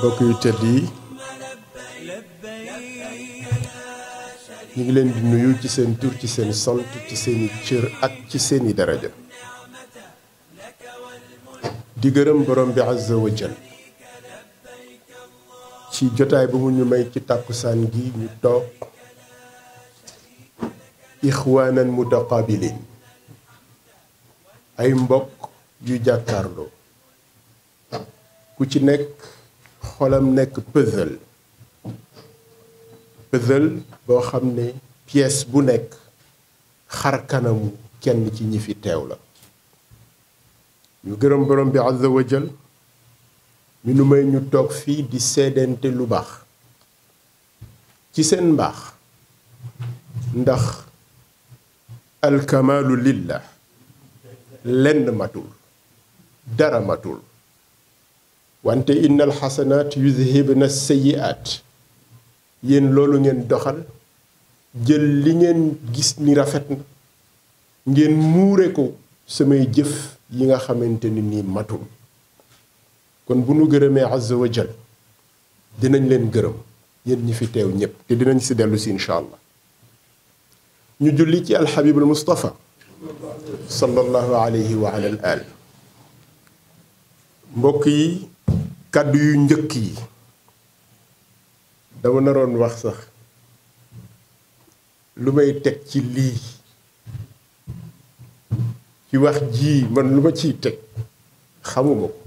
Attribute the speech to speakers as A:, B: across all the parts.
A: mbokk yu tedd yi ñu ngi leen di nuyu ci seen tur ci seen sant ci seen cër ak ci seeni daraja di gërëm borom bi azza wa jal ci jotaay bu mu ñu may ci tàkkusaan gi ñu toog ixwaanan mutaqaabilin ay mbokk yu jàkkaarloo ku ci nekk xoolam nekk puzzle puzzle boo xam ne pièce bu nekk xar kanamu kenn ci ñi fi teew la ñu gërëm borom bi azza wa jal mi nu may ñu toog fii di seedante lu baax ci seen mbaax ndax alkamaalu la lenn matul dara matul wante innal xasanaat yuzhibna at yéen loolu ngeen doxal jël li ngeen gis ni rafet na ngeen muure ko samay jëf yi nga xamante ni nii matul kon bu nu gërëmee azza wa jal dinañ leen gërëm yéen ñi fi teew ñépp te dinañ si dellu si incha allah ñu julli ci alxabibul mustafa sallallahu alayhi wa ala al mbokk yi kàddu yu njëkk yi dama naroon wax sax lu may teg ci lii ci wax jii man lu ma ciy teg xamuma ko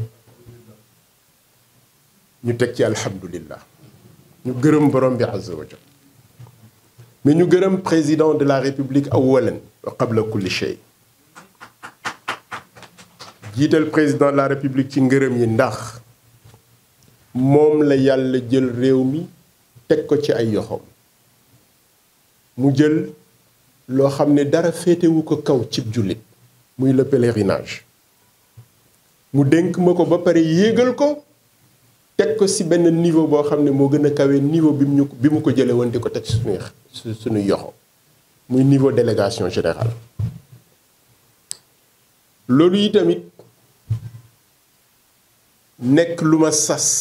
A: ñu teg ci alhamdulillah ñu gërëm borom bi azza wa jal ñu gërëm président de la république awalan wa qabla kulli shay jiital président de la république ci ngërëm yi ndax moom la yàlla jël réew mi teg ko ci ay yoxoom mu jël loo xam ne dara féetewu ko kaw cib jullit muy le pèlerinage mu dénk ma ko ba pare yéegal ko teg ko ci benn niveau boo xam ne moo gën a kawe niveau bi mu ñu ko jëlee woon di ko teg suñuy suñuy yoxo muy niveau délégation générale loolu yi nekk lu ma sas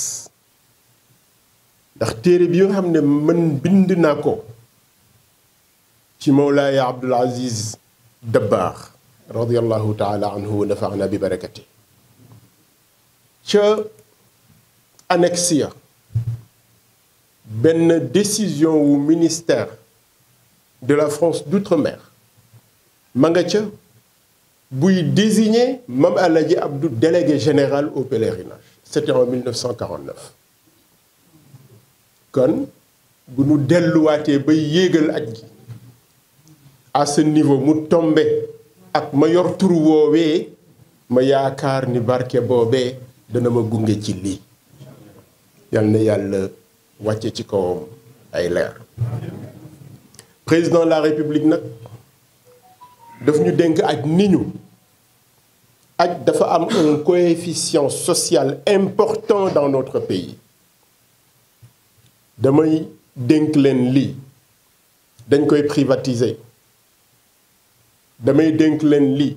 A: ndax téere bi yoo xam ne man bind naa ko ci Mawlaay Abdul Aziz Dabbaax radiyallahu taala anhu wa nafaana bi barakati ca annexe ya benn décision wu ministère de la France d'outre-mer ma nga ca buy désigner Mame Alhaji Abdou délégué général au pèlerinage c'était en 1949 kon bu nu delluwaatee ba yéegal aj gi à niveau mu tombe ak ma yor woowee ma yaakaar ni barke boobee dana ma gunge ci lii yal na yàlla wàcce ci kawam ay leer président de la république nag daf ñu dénk aj ni ñu aj dafa am un coefficient social important dans notre pays damay dénk leen lii dañ koy privatiser damay dénk leen lii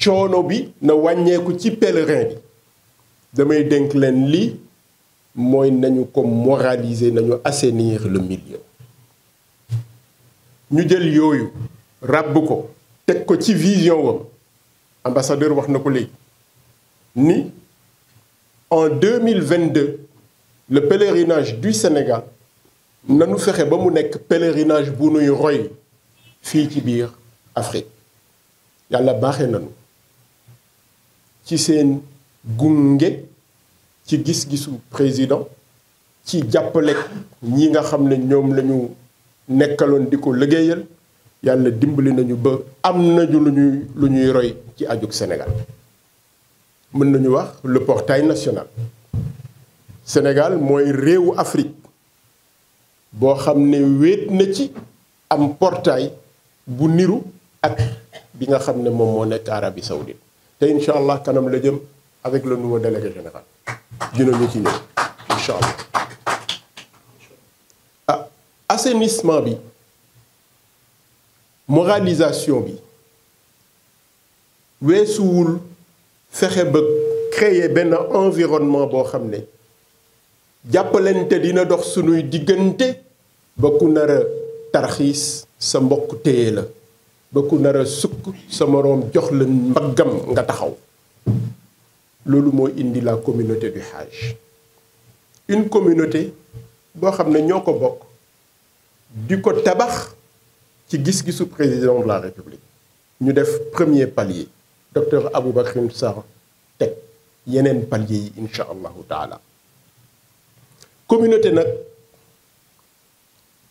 A: coono bi na wàññeeku ci pèlerin bi damay dénk leen lii mooy nañu ko moraliser nañu assainir le milieu ñu jël yooyu ràbb ko teg ko ci vision wam ambassadeur wax na ko léegi ni en deux mille vingt-deux le pèlerinage du Sénégal nanu fexe ba mu nekk pèlerinage bu nuy roy fii ci biir Afrique yàlla baaxe nanu ci seen gunge ci gis-gisu président ci jàppale ñi nga xam ne ñoom lañu nekkaloon di ko liggéeyal yàlla dimbali nañu ba am nañu lu ñuy lu ñuy roy ci ajug Sénégal mën nañu wax le portail national Sénégal mooy réewu Afrique boo xam ne wéet na ci am portaay bu niru ak bi nga xam ne moom moo nekk Arabie Saoudite te incha allah kanam la jëm avec le nouveau délégué général dinañu ci ñëw incha allah ah bi moralisation bi weesuwul fexe ba créer benn environnement boo xam ne jàppalante dina dox sunuy diggante ba ku nar tarxiis sa mbokk téye la ba ku nar sukk sa moroom jox la mbaggam nga taxaw loolu moo indi la communauté du Hajj une communauté boo xam ne ñoo ko bokk di ko tabax ci gis-gisu président de la république ñu def premier palier docteur Aboubacrine Sarr teg yeneen palier yi incha allahu taala communauté nag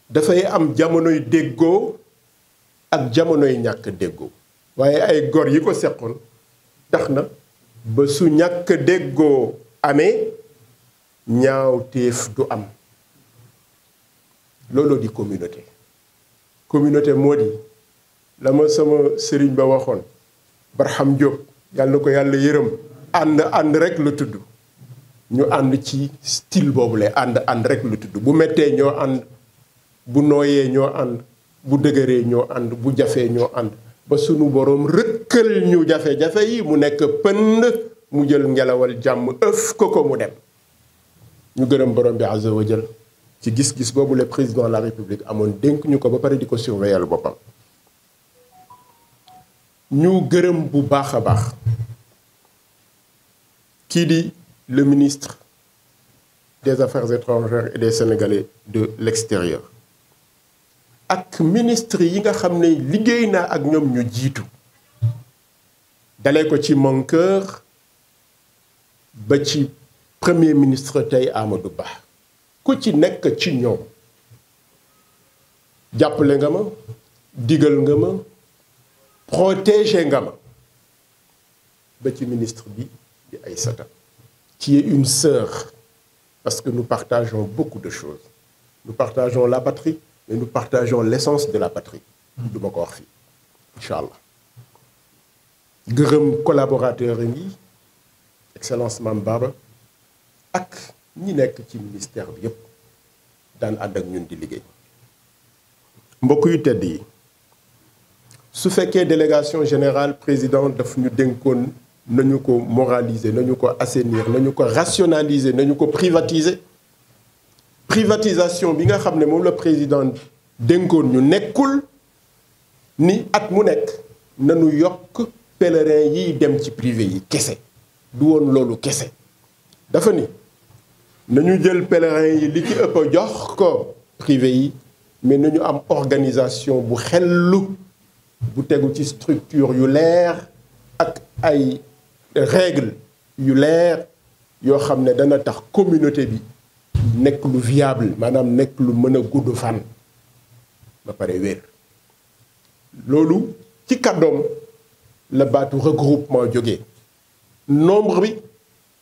A: dafay am jamonoy déggoo ak jamonoy ñàkk déggoo waaye ay gor yi ko seqoon tax na ba su ñàkk déggoo amee ñaaw téef du am looloo di communauté communauté moo di la ma sama sëriñ ba waxoon Barham Diop yàlla ko yàlla yërëm ànd ànd rek la tudd ñu ànd ci style boobu lay ànd ànd rek lu tudd bu mettee ñoo ànd bu nooyee ñoo ànd bu dëgëree ñoo ànd bu jafee ñoo ànd ba sunu boroom rëkkal ñu jafe-jafe yi mu nekk pënd mu jël ngelawal jàmm ëf ko ko mu dem ñu gërëm borom bi azza wa jël ci gis-gis boobu le président la république amoon dénk ñu ko ba pare di ko surveiller boppam ñu gërëm bu baax a baax kii di le ministre des Affaires étrangères et des Sénégalais de l'extérieur ak ministre yi nga xam ne liggéey naa ak ñoom ñu jiitu dalee ko ci Mankeur ba ci premier ministre tey Amadou Ba ku ci nekk ci ñoom jàppale nga ma digal nga ma protéger nga ma ba ci ministre bi di Aïssata ci est une sœur, parce que nous partageons beaucoup de choses. Nous partageons la patrie, mais nous partageons l'essence de la patrie. du ma ko wax fii incha allah gërëm collaborateur yi excellence Mame Baba ak ñi nekk ci ministère bi yépp dan ànd ak ñun di liggéey mbokk yu tedd yi su fekkee délégation générale président daf ñu dénkoon nañu ko moraliser nañu ko assainir nañu ko rationaliser nañu ko privatiser privatisation bi nga xam ne moom la président dénkoon ñu nekkul ni at mu nekk nañu yokk pèlerin yiy dem ci privé yi kese du woon loolu kese dafa ni nañu jël pèlerin yi li ci ëpp a jox ko privé yi mais nañu am organisation bu xellu bu tegu ci structure yu leer ak ay règle yu leer yoo xam ne dana tax communauté bi nekk lu viable maanaam nekk lu mën a gudd fan ba pare loolu ci kàddoom la baatu regroupement jógee nombre bi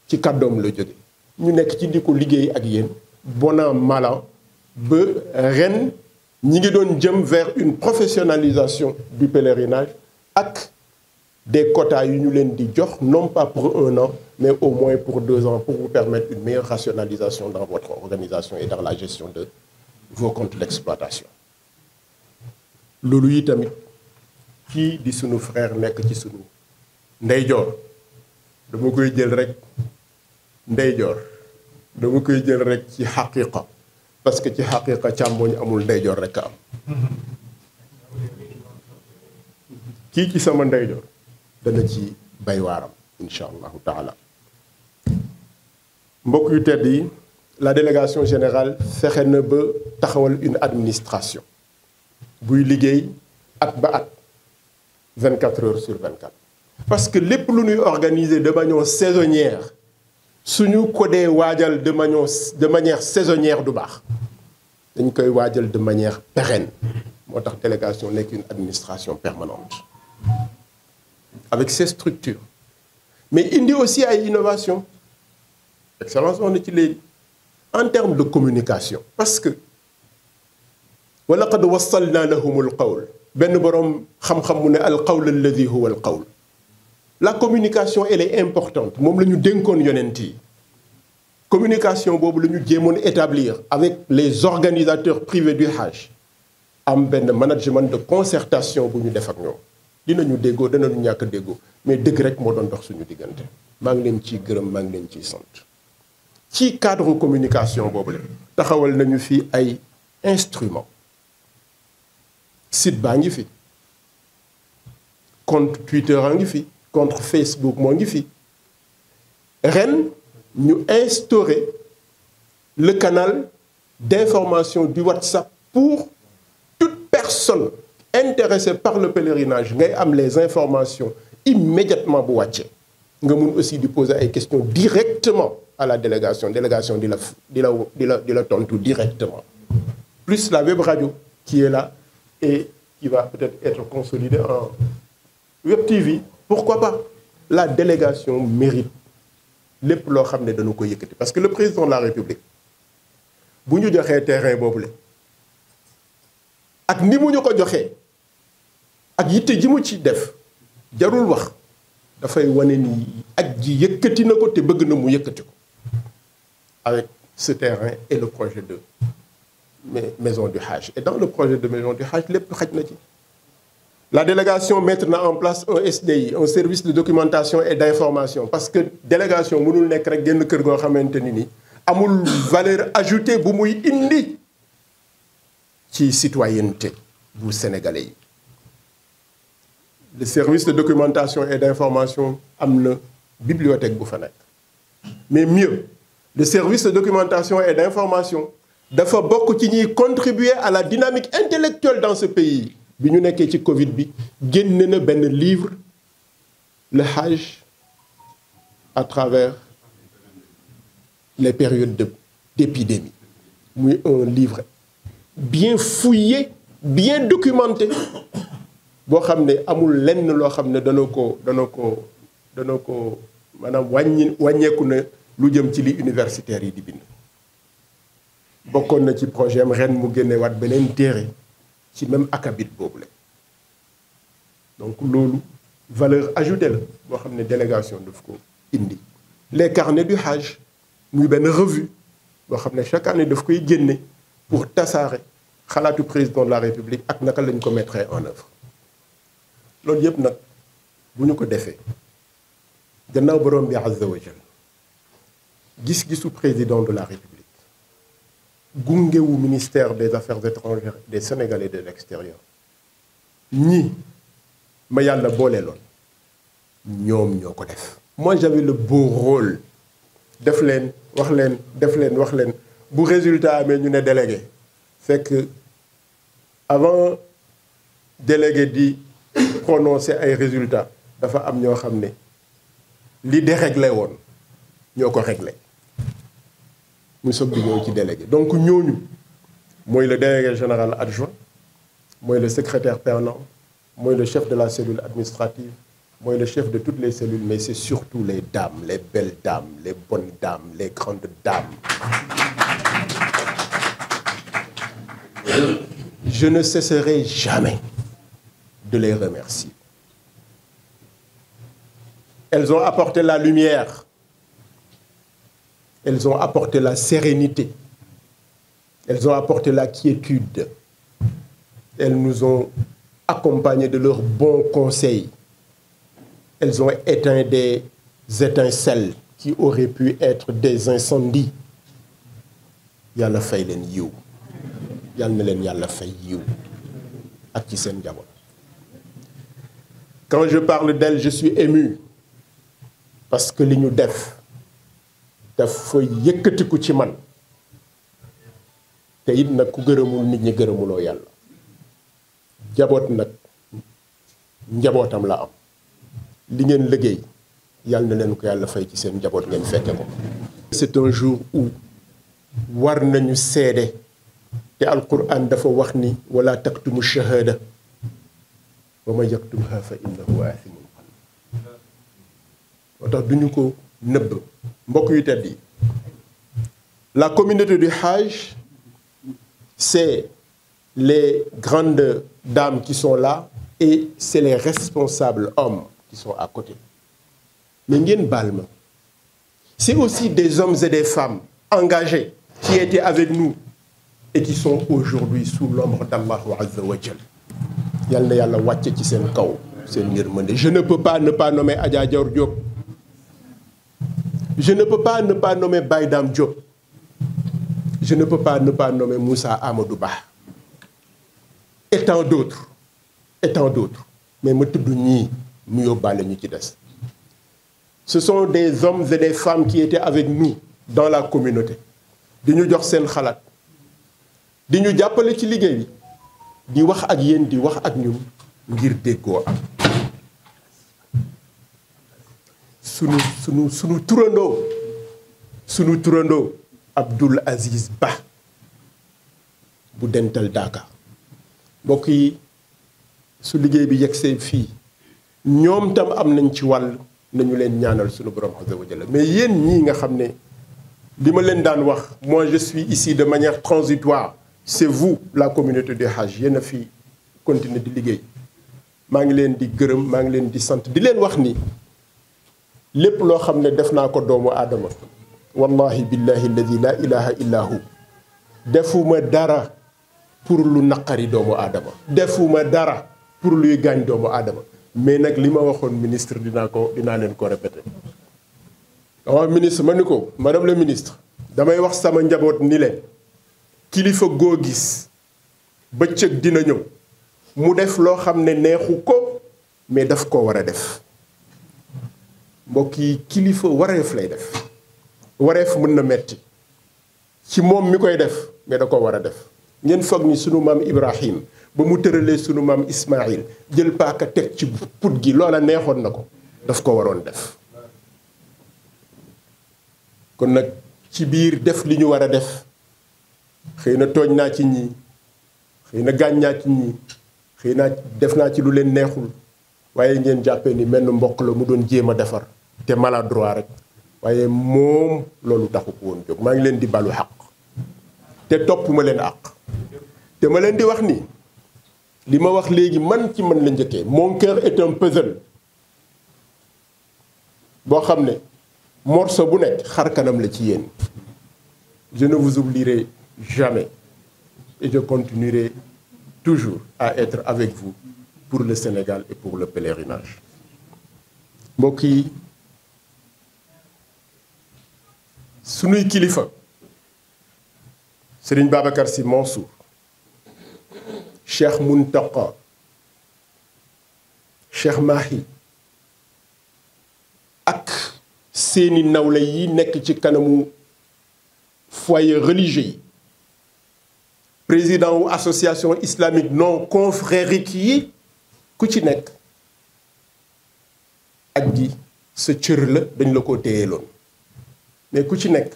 A: ci kàddoom la jóge ñu nekk ci di ko liggéey ak yéen bon mala ba ren ñi ngi doon jëm vers une professionnalisation du pèlerinage ak des quotas yu ñu leen di jox non pas pour un an mais au moins pour deux ans pour vous permettre une meilleure rationalisation dans votre organisation et dans la gestion de vos comptes d'exploitation loolu yi tamit kii di suñu frère nekk ci suñu ndeyjoor dama koy jël rek ndeyjoor dama koy jël rek ci xaqiqa parce que ci xaqiqa càmmoñ amul ndeyjoor rek a am kii ci sama ndeyjoor dana ci bay waaram incha allahu taala mbokk yu tedd yi la délégation générale fexe na ba taxawal une administration buy liggéey at ba at 24 heures sur 24 parce que lépp lu ñuy organiser de manière saisonnière suñu ko dee waajal de manière de manière saisonnière du baax dañ koy waajal de manière pérenne moo tax délégation nekk une administration permanente avec ses structures mais indi aussi ay innovation excellence wax ci léegi en terme de communication parce que wa laqad wassalna lahum al qawl benn boroom xam-xam mu ne al qawl alladi huwa al qawl la communication elle est importante moom la ñu dénkoon yonent yi communication boobu la ñu jéemoon établir avec les organisateurs privés du Hajj am benn management de concertation bu ñu def ak ñoom ñu déggoo danañu ñàkk déggoo mais dëgg rek moo doon dox suñu diggante maa ngi leen ciy gërëm maa ngi leen ci sant ci cadre communication boobu la taxawal nañu fi ay instrument site baa ngi fi compte Twitter ngi fi compte Facebook moo ngi fi ren ñu instaurer le canal d'information du WhatsApp pour toute personne intéressé par le pèlerinage ngay am les informations immédiatement bu wàccee nga mun aussi di poser ay questions directement à la délégation délégation di la di la di la di la tontu directement plus la web radio qui est là et qui va peut-être être consolidée en web TV pourquoi pa la délégation mérite lépp loo xam ne dañu ko yëkkati parce que le président de la république bu ñu joxee terrain boobu la ak ni mu ñu ko joxee ak yitte ji mu ci def jarul wax dafay wane ni ak ji yëkkati na ko te bëgg na mu yëkkati ko avec ce terrain et le projet de maison du Hajj et dans le projet de maison du Hajj lépp xaj na ci la délégation mettre na en place un SDI un service de documentation et d'information parce que délégation mënul nekk rek génn kër goo xamante ni ni amul valeur ajouté bu muy indi ci citoyenneté bu sénégalais yi le service de documentation et d'information am la bibliothèque bu fa mais mieux le service de documentation et d'information dafa bokk ci ñuy contribuer à la dynamique intellectuelle dans ce pays bi ñu nekkee ci Covid bi génne na benn livre le Hajj à travers les périodes de d'épidémie muy un livre bien fouillé bien documenté boo xam ne amul lenn loo xam ne danoo ko danoo ko danoo ko maanaam wàññi wàññeeku na lu jëm ci li universitaire yi di bind bokkoon na ci projet am ren mu génne waat beneen téere ci même akabit boobu la donc loolu valeur ajoutée la boo xam ne délégation daf ko indi les carnets du Hajj mu benn revue boo xam ne chaque année daf koy génne pour tasaare xalaatu président de la République ak naka lañ ko mettre en œuvre loolu yëpp nag bu ñu ko defee gannaaw borom bi azza wa jal gis-gisu président de la république gungewu ministère des affaires étrangères de sénégalais de l'extérieur ñi ma yàlla boole loon ñoom ñoo ko def moi j'avais le beau rôle def leen wax leen def leen wax leen bu résultat amee ñu ne délégué fekk avant délégué di prononcé ay résultats dafa am ñoo xam ne li déréglé woon ñoo ko réglé muy soog di ci délégué donc ñooñu mooy le délégué général adjoint mooy le secrétaire permanent mooy le chef de la cellule administrative mooy le chef de toutes les cellules mais c'est surtout les dames les belles dames les bonnes dames les grandes dames je ne cesserai jamais de les remercier. Elles ont apporté la lumière. Elles ont apporté la sérénité. Elles ont apporté la quiétude. Elles nous ont accompagnés de leurs bons conseils. Elles ont éteint des étincelles qui auraient pu être des incendies. yàlla fay leen yiw yàlla na leen yàlla fay yiw ci seen njaboot quand je parle d'elle je suis ému parce que li ñu def dafa yëkkatiku ci man te it nag ku gërëmul nit ñi gërëmuloo yàlla jaboot nag njabootam la am li ngeen liggéey yàlla na leen ko yàlla fay ci seen njaboot ngeen fekke ko c'est un jour où war nañu seede te alquran dafa wax ni wala taktumu shahada wa man yaktumha fa innahu aathimun qalbi moo ko nëbb yu tedd yi la communauté du Hajj c'est les grandes dames qui sont là et c'est les responsables hommes qui sont à côté mais ngeen baal ma c'est aussi des hommes et des femmes engagés qui étaient avec nous et qui sont aujourd'hui sous l'ombre d'Allah Azza wa yal na yàlla wàcce ci seen kaw seen yërmande je ne peux pas ne pas nommer Adja Dior Diop je ne peux pas ne pas nommer Baye Dame Amadou Ba et tant d'autres et mais ma tudd ñii mu yóbbaale ñu ci des ce sont des hommes et des femmes qui étaient avec nous dans la communauté di ñu jox seen xalaat di ñu jàppale ci liggéey bi di wax ak yéen di wax ak ñun ngir déggoo am sunu sunu sunu turandoo sunu turandoo Abdoul Aziz Ba bu dental daaka mbokk yi su liggéey bi yegg yegsee fii ñoom tam am nañ ci wàll nañu leen ñaanal sunu borom azza wa jalla mais yéen ñii nga xam ne li ma leen daan wax moi je suis ici de manière transitoire c'est vous la communauté du Hajj yéen a fi continuer di liggéey maa ngi leen di gërëm maa ngi leen di sant di leen wax ni lépp loo xam ne def naa ko doomu aadama wallahi billahi alladi la ilaha illa hu defuma dara pour lu naqari doomu aadama defuma dara pour luy gaañ doomu aadama mais nag li ma waxoon ministre dinaa ko dinaa leen ko répété waaw ministre ma ni ko ma madame la ministre damay wax sama njaboot ni leen kilifa goo gis bëccëg dina ñëw mu def loo xam ne neexu ko mais daf koo war a def mbokk yi kilifa wareef lay def wareef mën na metti ci moom mi koy def mais da koo war a def ngeen foog ni sunu maam Ibrahim ba mu tëralee sunu maam Ismaïl jël paaka teg ci put gi loola neexoon na ko daf koo waroon def kon nag ci biir def li ñu war a def xëy na tooñ naa ci ñii xëy na gaañ naa ci ñii xëy naa def naa ci lu leen neexul waaye ngeen jàppe ni menn mbokk la mu doon jéem a defar te droit rek waaye moom loolu taxu woon jóg maa ngi leen di balu xaq te topp ma leen àq te ma leen di wax ni li ma wax léegi man ci man la njëkkee mon cœur est un boo xam ne morceau bu nekk xar kanam la ci yéen je ne vous jamais. Et je continuerai toujours à être avec vous pour le Sénégal et pour le pèlerinage. mbokk yi sunuy kilifa Serigne Babacar Sy Mansour Cheikh Mountakha Cheikh Mahi ak seeni nawle yi nekk ci kanamu foyer religieux yi président wu association islamique non confrérique yi ku ci nekk ak gi sa cër la dañ la ko téyeloon mais ku ci nekk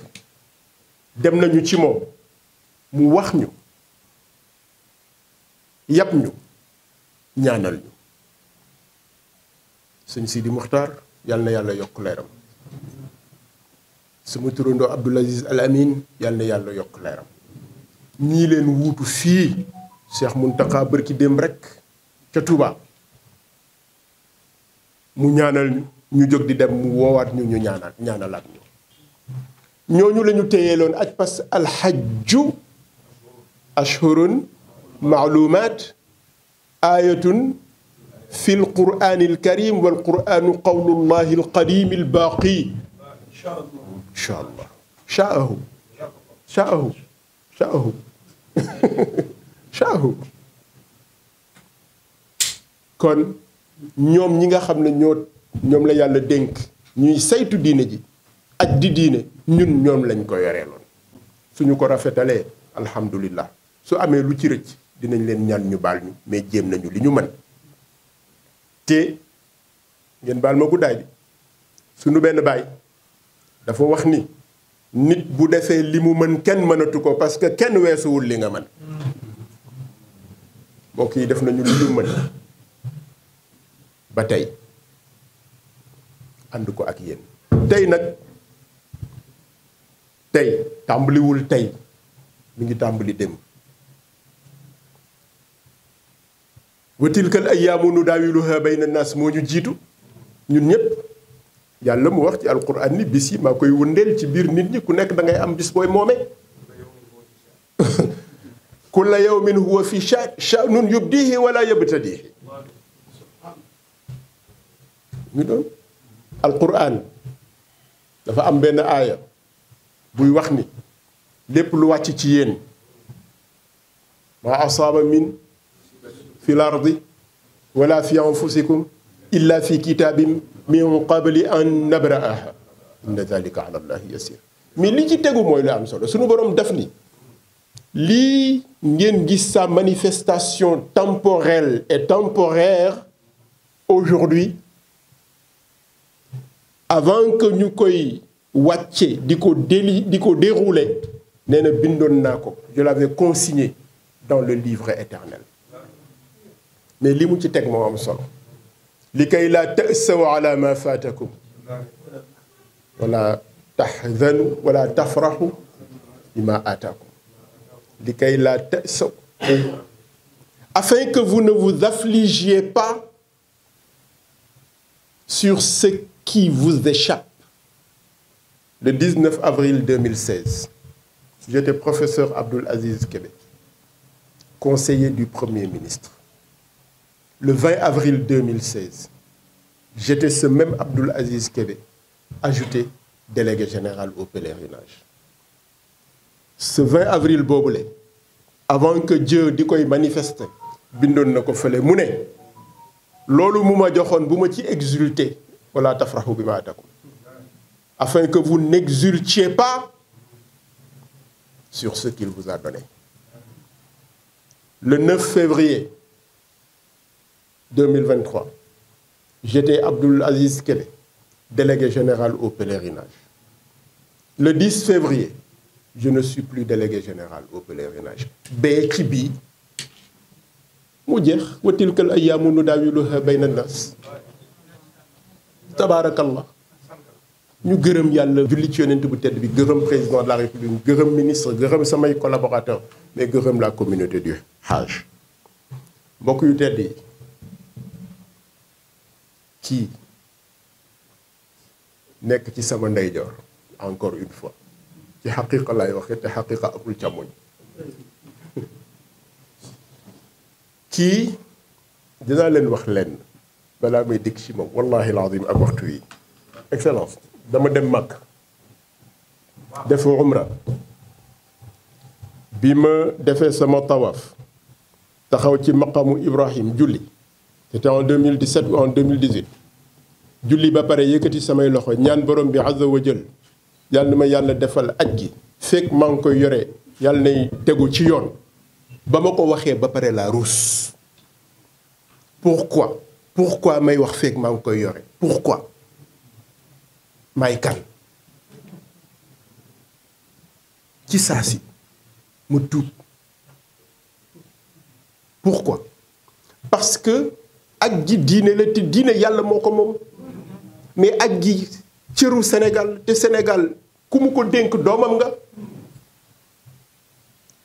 A: dem nañu ci moom mu wax ñu yàpp ñu ñaanal ñu sëñ Sidi Muxtaar yàlla na yàlla yokk leeram suma turandoo Abdoul Aziz Al Amin yàlla na yàlla yokk leeram ñii leen wuutu fii Cheikh Mountakha bërki dem rek ca Touba mu ñaanal ñu jóg di dem mu woowaat ñu ñu ñaanal ñaanalaat ñu ñooñu la ñu téyee loon aj parce que alxajju ashhurun maalumaat ayatun fi lqurani alkarim walquranu qawlullahi alqadimi albaqi incha allah chaahu chaahu شاهو shaahu kon ñoom ñi nga xam ne ñoo ñoom la yàlla dénk ñuy saytu diine ji aj di diine ñun ñoom lañ ko yoreeloon suñu ko rafetalee alhamdulillah su amee lu ci rëcc dinañ leen ñaan ñu baal ñu mais jéem nañu li ñu mën te ngeen baal ma guddaay bi suñu benn baay dafa wax ni nit bu defee li mu mën kenn mënatu ko parce que kenn weesuwul li nga mën mbokk yi def nañu lu ñu mën ba tey ànd ko ak yéen tey nag tey tàmbaliwul tey mi ngi tàmbali dem wa tilkal ayyaamu nudaawiluhaa bayna naas moo ñu jiitu ñun ñépp yàlla mu wax ci alquran ni bis yi maa koy wëndeel ci biir nit ñi ku nekk dangay am bis booy moome kulla yawmin huwa fi sha'nun yubdihi wala yabtadihi ngi doon alquran dafa am benn aaya wax ni lépp lu wàcc ci yéen maa asaaba min fi l ardi fi anfusikum illa fi kitaabim min qabli an nabraaha inna dalika ala allahi yasir mais li ci tegu mooy lu am solo suñu borom def ni lii ngeen gis sa manifestation temporelle et temporaire aujourd'hui avant que ñu koy wàcce di ko déli di ko dérouler nee na bindoon naa ko je l'avais consigné dans le livre éternel mais li mu ci teg moo am solo li kay laa tasaw ala ma faatakum wala taxzanu wala tafraxu bi ma aataakum li kay laa tasaw afin que vous ne vous affligiez pas sur ce qui vous échappe le 19 avril 2016 j'étais professeur Abdoul Aziz Kébé conseiller du premier ministre le 20 avril 2016 j'étais ce même Abdoul Aziz Kébé ajouté délégué général au pèlerinage ce 20 avril boobule avant que Dieu di koy manifester bindoon na ko fële mu ne loolu mu ma joxoon bu ma ci exulter wala tafrahu bi ma atakum afin que vous n'exultiez pas sur ce qu'il vous a donné le 9 février 2023, j'étais Abdul Aziz Kele, délégué général au pèlerinage. Le 10 février, je ne suis plus délégué général au pèlerinage. bee ci bii mu jeex wa tilkal ayyaamu nudaawiluhaa bayna naas tabaarakallah ñu gërëm yàlla julli ci yonent bu tedd bi gërëm président de la république gërëm ministre gërëm samay collaborateur mais gërëm la communauté du Hajj mbokk yu tedd yi ci nekk ci sama ndeyjoor encore une fois ci xaqiqa lay waxe te xaqiqa amul càmmoñ kii dinaa leen wax lenn balaa may dikk ci moom wallahi alazim ak waxtu yi dama dem Makka def umra bi ma defee sama tawaaf taxaw ci maqamu Ibrahim julli c'était en 2017 ou en 2018 julli ba pare yëkkati samay loxo ñaan borom bi azza wa jël yàlla na ma yàlla defal aj gi fekk maa ngi koy yore yàlla nay tegu ci yoon ba ma ko waxee ba pare la ruus pourquoi pourquoi may wax fekk maa ngi koy yore pourquoi may kan ci saa si mu tuub pourquoi parce que aj ji diine la te diine yàlla moo ko moom mais ak ji cëru Sénégal te Sénégal ku mu ko dénk doomam nga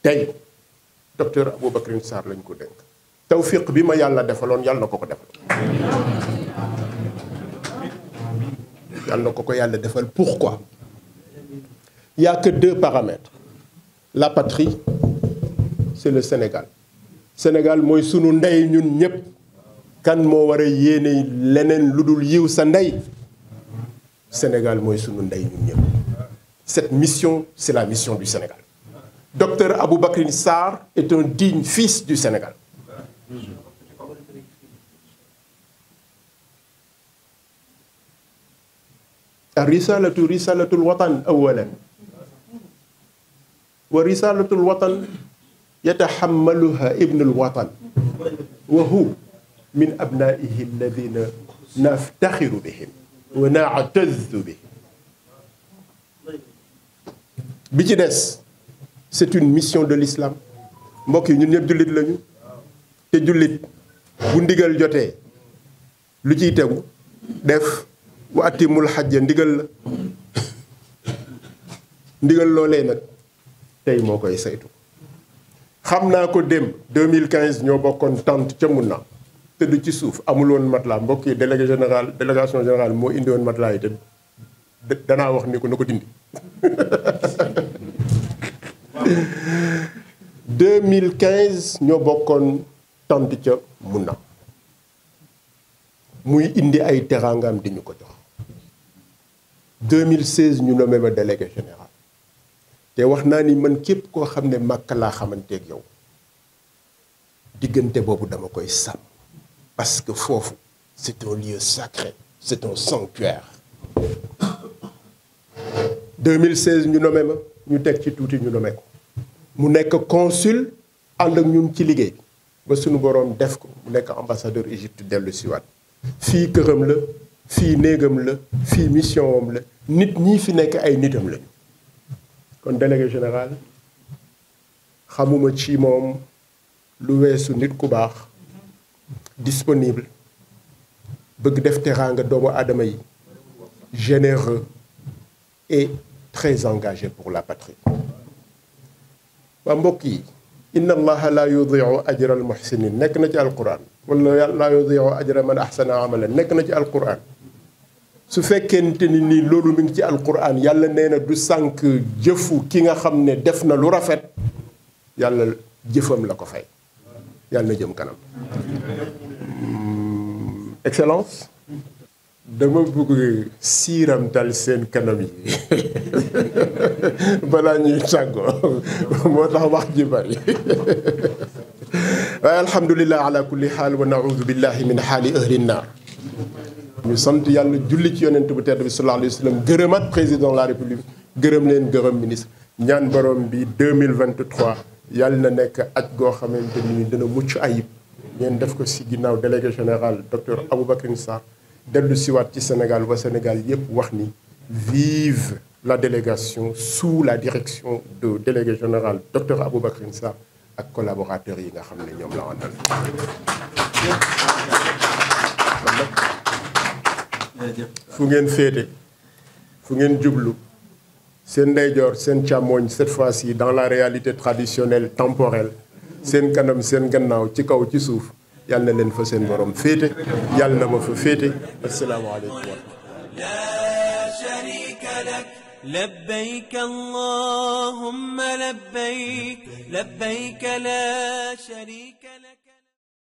A: tey docteur Aboubacrine Sarr lañ ko dénk tawfiq bi ma yàlla defaloon yàlla na ko ko defal yàlla na ko ko yàlla defal pourquoi il y a que deux paramètres la patrie c'est le Sénégal Sénégal mooy sunu ndey ñun ñëpp kan moo war a yéene leneen lu dul yiw sa ndey Sénégal mooy sunu ndey ñun ñëpp cette mission ci la mission du Sénégal docteur Aboubacry Sarr est un digne fils du Sénégal الرسالة رسالة الوطن أولا ورسالة الوطن يتحملها ابن الوطن وهو min abnaihi alladina naftaxiru bihim wa naatazu bihim bi ci des c'est une mission de l'islam mbokk yi ñun ñëpp jullit lañu te jullit bu ndigal jotee lu ciy tegu def wa atimul xajja ndigal la ndigal loolee nag tey moo koy saytu xam naa ko dem 2015 ñoo bokkoon tànt ca mun na tëdd ci suuf amuloon woon matelas mbokk yi délégué général délégation générale moo indi woon matelas yi te danaa wax ni ko na ko dindi 2015 ñoo bokkoon tant ca mun na muy indi ay teraangam di ñu ko jox 2016 ñu nommé ma délégué général te wax naa ni man képp koo xam ne màkk laa xamanteeg yow diggante boobu dama koy sàmm parce que foofu c'est un lieu sacré c'est un sanctuaire 2016 ñu nommé ma ñu teg ci tuuti ñu nommé ko mu nekk consul ànd ak ñun ci liggéey ba suñu boroom def ko mu nekk ambassadeur Égypte dellu siwaat fii këram la fii néegam la fii mission am la nit ñi fi nekk ay nitam la kon délégué général xamuma ci moom lu weesu nit ku baax disponible bëgg def teraanga doomu aadama yi généreux et très engagé pour la patrie waa mbokk yi inna allaha laa yudiu ajra al muhsinin nekk na ci alquran wala laa yudiu ajra man ahsana amalan nekk na ci alquran su fekkente ni nii loolu mi ngi ci alquran yàlla nee na du sànq jëfu ki nga xam ne def na lu rafet yàlla jëfam la ko fay yàlla na jëm kanam excellence dama bëgg siiram dal seen kanam yi balaa ñuy tàggoo moo tax wax ji bari waaye alhamdulilah ala kulli xaal wa naudu billahi min xaali ahli naar ñu sant yàlla julli ci yonent bu tedd bi sallallahu alayhi wa sallam gërëmaat président de la république gërëm leen gërëm ministre ñaan borom bi 2023 yàlla na nekk ak goo xamante ni dina mucc ayib ngeen def ko si ginnaaw délégué général docteur Aboubacry Sarr dellu siwaat ci Sénégal ba Sénégal yëpp wax ni vive la délégation sous la direction du délégué général docteur Aboubacry Sarr ak collaborateurs yi nga xam ne ñoom la àndal. fu ngeen féete fu ngeen jublu seen ndeyjoor seen càmmoñ cette fois-ci dans la réalité traditionnelle temporelle. seen kanam seen gannaaw ci kaw ci suuf yàlla na leen fa seen borom féete yàlla na ma fa féete asalaamaaleykum لبيك اللهم لبيك لبيك لا شريك لك